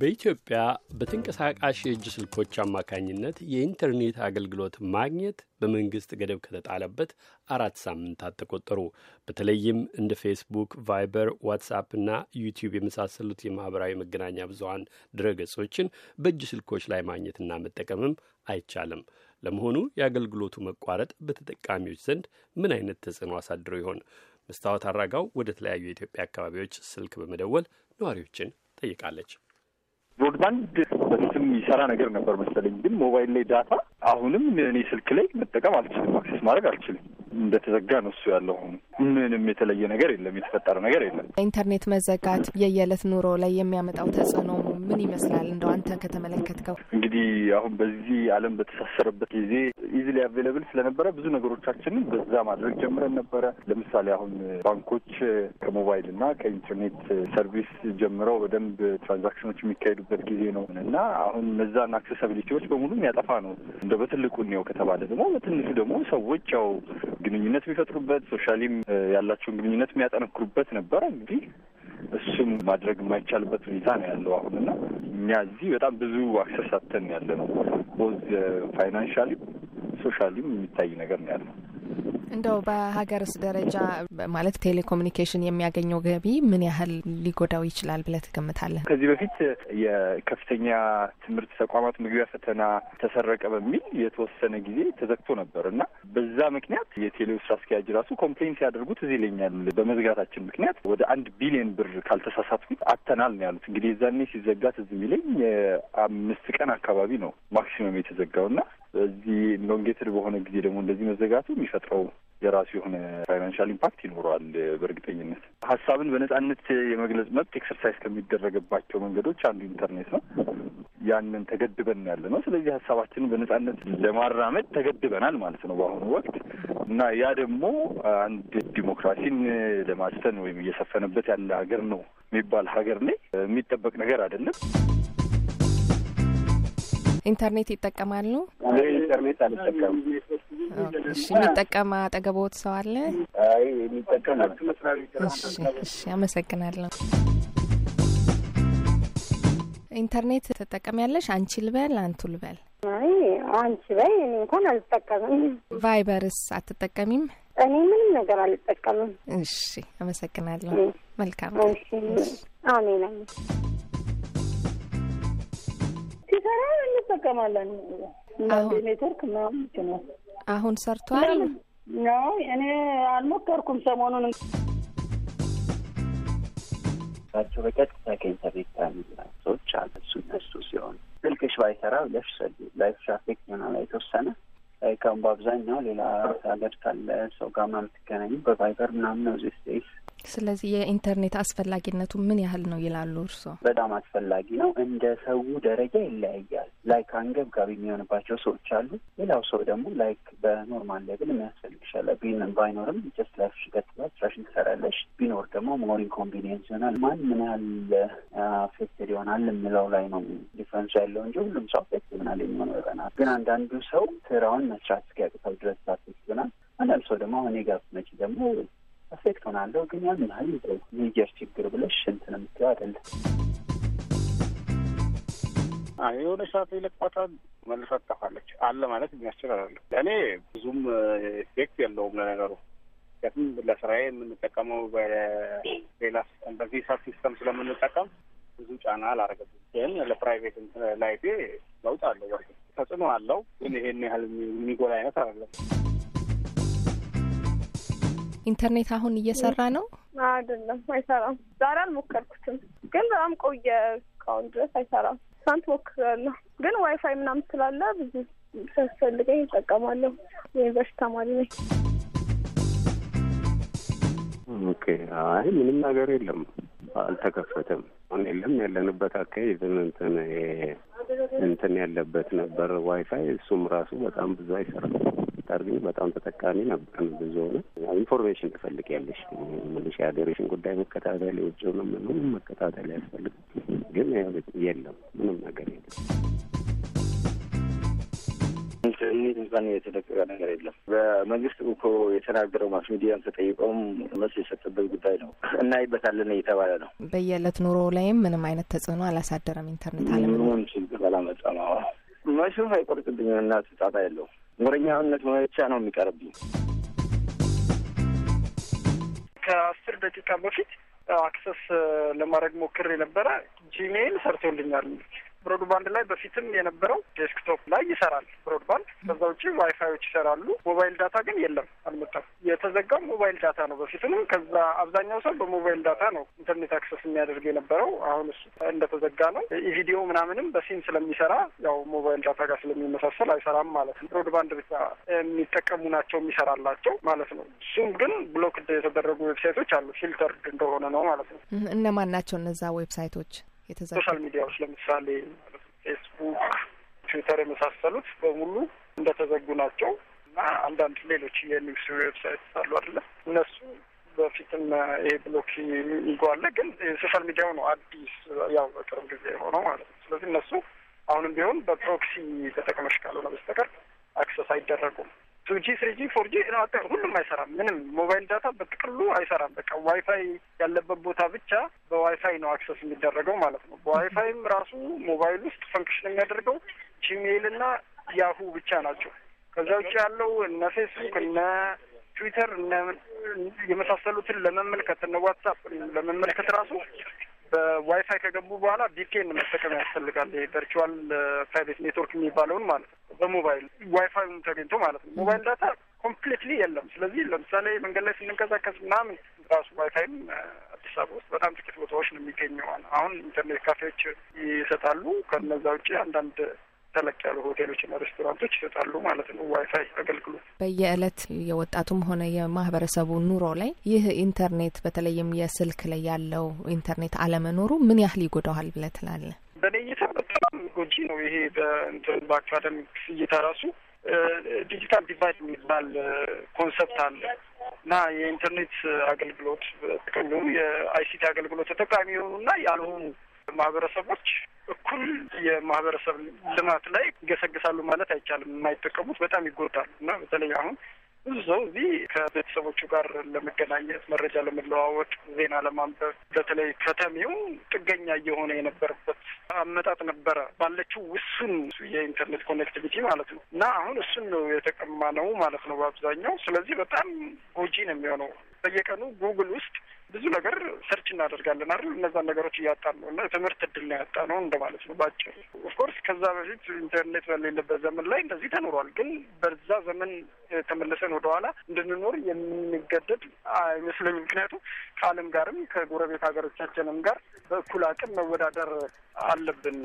በኢትዮጵያ በተንቀሳቃሽ የእጅ ስልኮች አማካኝነት የኢንተርኔት አገልግሎት ማግኘት በመንግስት ገደብ ከተጣለበት አራት ሳምንታት ተቆጠሩ። በተለይም እንደ ፌስቡክ፣ ቫይበር፣ ዋትሳፕ እና ዩቲዩብ የመሳሰሉት የማህበራዊ መገናኛ ብዙሀን ድረገጾችን በእጅ ስልኮች ላይ ማግኘትና መጠቀምም አይቻልም። ለመሆኑ የአገልግሎቱ መቋረጥ በተጠቃሚዎች ዘንድ ምን አይነት ተጽዕኖ አሳድሮ ይሆን? መስታወት አራጋው ወደ ተለያዩ የኢትዮጵያ አካባቢዎች ስልክ በመደወል ነዋሪዎችን ጠይቃለች። ብሮድባንድ በስም ይሰራ ነገር ነበር መሰለኝ፣ ግን ሞባይል ላይ ዳታ አሁንም እኔ ስልክ ላይ መጠቀም አልችልም፣ አክሴስ ማድረግ አልችልም። እንደተዘጋ ነው እሱ ያለው። ምንም የተለየ ነገር የለም፣ የተፈጠረ ነገር የለም። ኢንተርኔት መዘጋት የየዕለት ኑሮ ላይ የሚያመጣው ተጽዕኖ ምን ይመስላል? እንደው አንተ ከተመለከትከው። እንግዲህ አሁን በዚህ ዓለም በተሳሰረበት ጊዜ ኢዚሊ አቬለብል ስለነበረ ብዙ ነገሮቻችንን በዛ ማድረግ ጀምረን ነበረ። ለምሳሌ አሁን ባንኮች ከሞባይል እና ከኢንተርኔት ሰርቪስ ጀምረው በደንብ ትራንዛክሽኖች የሚካሄዱበት ጊዜ ነው እና አሁን እነዛን አክሰሳቢሊቲዎች በሙሉ የሚያጠፋ ነው እንደ በትልቁ እንየው ከተባለ ደግሞ በትንሹ ደግሞ ሰዎች ያው ግንኙነት የሚፈጥሩበት ሶሻሊም ያላቸውን ግንኙነት የሚያጠነክሩበት ነበረ። እንግዲህ እሱም ማድረግ የማይቻልበት ሁኔታ ነው ያለው አሁን እና እኛ እዚህ በጣም ብዙ አክሰስ አተን ያለ ነው ቦዝ ፋይናንሻሊም ሶሻሊም የሚታይ ነገር ነው ያለው። እንደው በሀገርስ ደረጃ ማለት ቴሌኮሙኒኬሽን የሚያገኘው ገቢ ምን ያህል ሊጎዳው ይችላል ብለህ ትገምታለህ? ከዚህ በፊት የከፍተኛ ትምህርት ተቋማት መግቢያ ፈተና ተሰረቀ በሚል የተወሰነ ጊዜ ተዘግቶ ነበር እና በዛ ምክንያት የቴሌው ስራ አስኪያጅ ራሱ ኮምፕሌን ሲያደርጉት እዚህ ይለኛል በመዝጋታችን ምክንያት ወደ አንድ ቢሊዮን ብር ካልተሳሳትኩኝ አተናል ነው ያሉት። እንግዲህ የዛኔ ሲዘጋ ትዝ የሚለኝ የአምስት ቀን አካባቢ ነው ማክሲመም የተዘጋው እና በዚህ ሎንጌትድ በሆነ ጊዜ ደግሞ እንደዚህ መዘጋቱ የሚፈጥረው የራሱ የሆነ ፋይናንሻል ኢምፓክት ይኖረዋል። በእርግጠኝነት ሀሳብን በነጻነት የመግለጽ መብት ኤክሰርሳይዝ ከሚደረግባቸው መንገዶች አንዱ ኢንተርኔት ነው። ያንን ተገድበን ያለ ነው። ስለዚህ ሀሳባችንን በነጻነት ለማራመድ ተገድበናል ማለት ነው በአሁኑ ወቅት እና ያ ደግሞ አንድ ዲሞክራሲን ለማስፈን ወይም እየሰፈነበት ያለ ሀገር ነው የሚባል ሀገር ላይ የሚጠበቅ ነገር አይደለም። ኢንተርኔት ይጠቀማሉ? ኢንተርኔት አልጠቀምም። የሚጠቀም አጠገቦት ሰው አለ? የሚጠቀም አመሰግናለሁ። ኢንተርኔት ትጠቀሚያለሽ? አንቺ ልበል አንቱ ልበል? አንቺ በይ፣ እኔ እንኳን አልጠቀምም። ቫይበርስ አትጠቀሚም? እኔ ምንም ነገር አልጠቀምም። እሺ፣ አመሰግናለሁ። መልካም። አሜን። ብንሰራ እንጠቀማለን። እንዳንዴ ኔትወርክ ምናምን ይችላል። አሁን ሰርቷል ነው እኔ አልሞከርኩም ሰሞኑን ሳቸው በቀጥታ ከኢንተርኔት የሚታሚላ ሰዎች አለ እሱ እነሱ ሲሆን ስልክሽ ባይሰራ ብለሽ ሰዱ ላይፍ ሻፌክት ይሆናል የተወሰነ ከም በአብዛኛው ሌላ ሀገር ካለ ሰው ጋር ምናምን የምትገናኙ በቫይበር ምናምን ነው ዚስ ዴይስ ስለዚህ የኢንተርኔት አስፈላጊነቱ ምን ያህል ነው ይላሉ እርሶ? በጣም አስፈላጊ ነው። እንደ ሰው ደረጃ ይለያያል። ላይክ አንገብጋቢ የሚሆንባቸው ሰዎች አሉ። ሌላው ሰው ደግሞ ላይክ በኖርማል ሌብል ይሻለ ቢን ባይኖርም ጀስት ላይፍሽ ይቀጥላል፣ ስራሽን ትሰራለሽ። ቢኖር ደግሞ ሞሪን ኮንቪኒየንስ ይሆናል። ማን ምን ያህል አፌክትድ ይሆናል የምለው ላይ ነው ዲፈረንሱ ያለው እንጂ ሁሉም ሰው አፌክት ይሆናል የሚሆነው ይሆናል። ግን አንዳንዱ ሰው ስራውን መስራት እስኪያቅተው ድረስ አፌክት ይሆናል። አንዳንድ ሰው ደግሞ አሁን የጋብ መጪ ደግሞ አፌክት ሆናለሁ ግን ያን ያህል የየር ችግር ብለሽ እንትን የምትለው አይደለም። የሆነ ሰዓት ይለቋታል፣ መልሳት ጠፋለች አለ ማለት የሚያስችል አለ። እኔ ብዙም ኤፌክት የለውም ለነገሩ ምክንያቱም ለስራዬ የምንጠቀመው በሌላ በዚህ ሳብ ሲስተም ስለምንጠቀም ብዙ ጫና አላረገብም። ግን ለፕራይቬት ላይፌ ለውጥ አለው፣ ተጽዕኖ አለው። ግን ይሄን ያህል የሚጎላ አይነት አይደለም። ኢንተርኔት አሁን እየሰራ ነው? አይደለም፣ አይሰራም። ዛሬ አልሞከርኩትም፣ ግን በጣም ቆየ። እስካሁን ድረስ አይሰራም። ሳንት ሞክራለሁ፣ ግን ዋይፋይ ምናምን ስላለ ብዙ ሲያስፈልገኝ ይጠቀማለሁ። የዩኒቨርሲቲ ተማሪ ነኝ። ኦኬ። አይ ምንም ነገር የለም፣ አልተከፈተም። አሁን የለም። ያለንበት አካሄድ እንትን እንትን ያለበት ነበር ዋይፋይ፣ እሱም ራሱ በጣም ብዙ አይሰራም። ብታደርጊ በጣም ተጠቃሚ ነበር። ብዙ ሆነ ኢንፎርሜሽን ትፈልጊያለሽ። ምልሽ የሀገሬሽን ጉዳይ መከታተል የውጭውንም ምንም መከታተል ያስፈልግ፣ ግን የለም ምንም ነገር የለም። እንዴት እንኳን የተደቀቀ ነገር የለም። በመንግስት እኮ የተናገረው ማስ ሚዲያም ተጠይቀውም መልስ የሰጠበት ጉዳይ ነው። እናይበታለን እየተባለ ነው። በየዕለት ኑሮ ላይም ምንም አይነት ተጽዕኖ አላሳደረም። ኢንተርኔት አለምንም ችግር አላመጣም። መሽም አይቆርጥብኝም እና ትጣጣ የለውም ወረኛውነት መመቻ ነው የሚቀርብኝ። ከአስር ደቂቃ በፊት አክሰስ ለማድረግ ሞክሬ ነበረ። ጂሜይል ሰርቶልኛል። ብሮድባንድ ላይ በፊትም የነበረው ዴስክቶፕ ላይ ይሰራል ብሮድባንድ። ከዛ ውጭ ዋይፋዮች ይሰራሉ። ሞባይል ዳታ ግን የለም አልመጣም። የተዘጋው ሞባይል ዳታ ነው። በፊትም ከዛ አብዛኛው ሰው በሞባይል ዳታ ነው ኢንተርኔት አክሰስ የሚያደርግ የነበረው። አሁን እሱ እንደተዘጋ ነው። ኢቪዲዮ ምናምንም በሲም ስለሚሰራ ያው ሞባይል ዳታ ጋር ስለሚመሳሰል አይሰራም ማለት ነው። ብሮድባንድ ብቻ የሚጠቀሙ ናቸው የሚሰራላቸው ማለት ነው። እሱም ግን ብሎክ የተደረጉ ዌብሳይቶች አሉ ፊልተርድ እንደሆነ ነው ማለት ነው። እነማን ናቸው እነዛ ዌብሳይቶች? ሶሻል ሚዲያዎች ለምሳሌ ፌስቡክ፣ ትዊተር የመሳሰሉት በሙሉ እንደተዘጉ ናቸው እና አንዳንድ ሌሎች የኒውስ ዌብሳይት አሉ አይደለ እነሱ በፊትም ይሄ ብሎክ ይጓለ ግን ሶሻል ሚዲያው ነው አዲስ ያው በቅርብ ጊዜ የሆነው ማለት ነው። ስለዚህ እነሱ አሁንም ቢሆን በፕሮክሲ ተጠቅመሽ ካልሆነ በስተቀር አክሰስ አይደረጉም። ቱጂ ስሪጂ ፎርጂ ናጠር ሁሉም አይሰራም። ምንም ሞባይል ዳታ በጥቅሉ አይሰራም። በቃ ዋይፋይ ያለበት ቦታ ብቻ በዋይፋይ ነው አክሰስ የሚደረገው ማለት ነው። በዋይፋይም ራሱ ሞባይል ውስጥ ፈንክሽን የሚያደርገው ጂሜይል እና ያሁ ብቻ ናቸው። ከዛ ውጭ ያለው እነ ፌስቡክ እነ ትዊተር የመሳሰሉትን ለመመልከት እነ ዋትሳፕ ለመመልከት ራሱ በዋይፋይ ከገቡ በኋላ ቪፒኤን መጠቀም ያስፈልጋል። ቨርቹዋል ፕራይቬት ኔትወርክ የሚባለውን ማለት ነው። በሞባይል ዋይፋይ ተገኝቶ ማለት ነው። ሞባይል ዳታ ኮምፕሊትሊ የለም። ስለዚህ ለምሳሌ መንገድ ላይ ስንንቀሳቀስ ምናምን ራሱ ዋይፋይም አዲስ አበባ ውስጥ በጣም ጥቂት ቦታዎች ነው የሚገኘው። አሁን ኢንተርኔት ካፌዎች ይሰጣሉ። ከነዛ ውጭ አንዳንድ ተለቅ ያሉ ሆቴሎችና ሬስቶራንቶች ይሰጣሉ ማለት ነው ዋይፋይ አገልግሎት። በየእለት የወጣቱም ሆነ የማህበረሰቡ ኑሮ ላይ ይህ ኢንተርኔት በተለይም የስልክ ላይ ያለው ኢንተርኔት አለመኖሩ ምን ያህል ይጎዳዋል ብለህ ትላለህ? በእኔ እይታ በጣም ጎጂ ነው። ይሄ በእንትን በአካዳሚክስ እይታ ራሱ ዲጂታል ዲቫይድ የሚባል ኮንሰፕት አለ እና የኢንተርኔት አገልግሎት በጥቅሉ የአይሲቲ አገልግሎት ተጠቃሚ የሆኑና ያልሆኑ ማህበረሰቦች እኩል የማህበረሰብ ልማት ላይ ይገሰግሳሉ ማለት አይቻልም። የማይጠቀሙት በጣም ይጎዳሉ እና በተለይ አሁን ብዙ ሰው እዚህ ከቤተሰቦቹ ጋር ለመገናኘት፣ መረጃ ለመለዋወጥ፣ ዜና ለማንበብ በተለይ ከተሜው ጥገኛ እየሆነ የነበረበት አመጣጥ ነበረ ባለችው ውሱን የኢንተርኔት ኮኔክቲቪቲ ማለት ነው እና አሁን እሱን ነው የተቀማ ነው ማለት ነው በአብዛኛው። ስለዚህ በጣም ጎጂ ነው የሚሆነው በየቀኑ ጉግል ውስጥ ብዙ ነገር ሰርች እናደርጋለን አይደል? እነዛን ነገሮች እያጣን ነው እና ትምህርት እድል ነው ያጣ ነው እንደማለት ነው በአጭሩ። ኦፍኮርስ ከዛ በፊት ኢንተርኔት በሌለበት ዘመን ላይ እንደዚህ ተኖሯል። ግን በዛ ዘመን ተመልሰን ወደኋላ እንድንኖር የምንገደድ አይመስለኝ። ምክንያቱም ከዓለም ጋርም ከጎረቤት ሀገሮቻችንም ጋር በእኩል አቅም መወዳደር አለብን።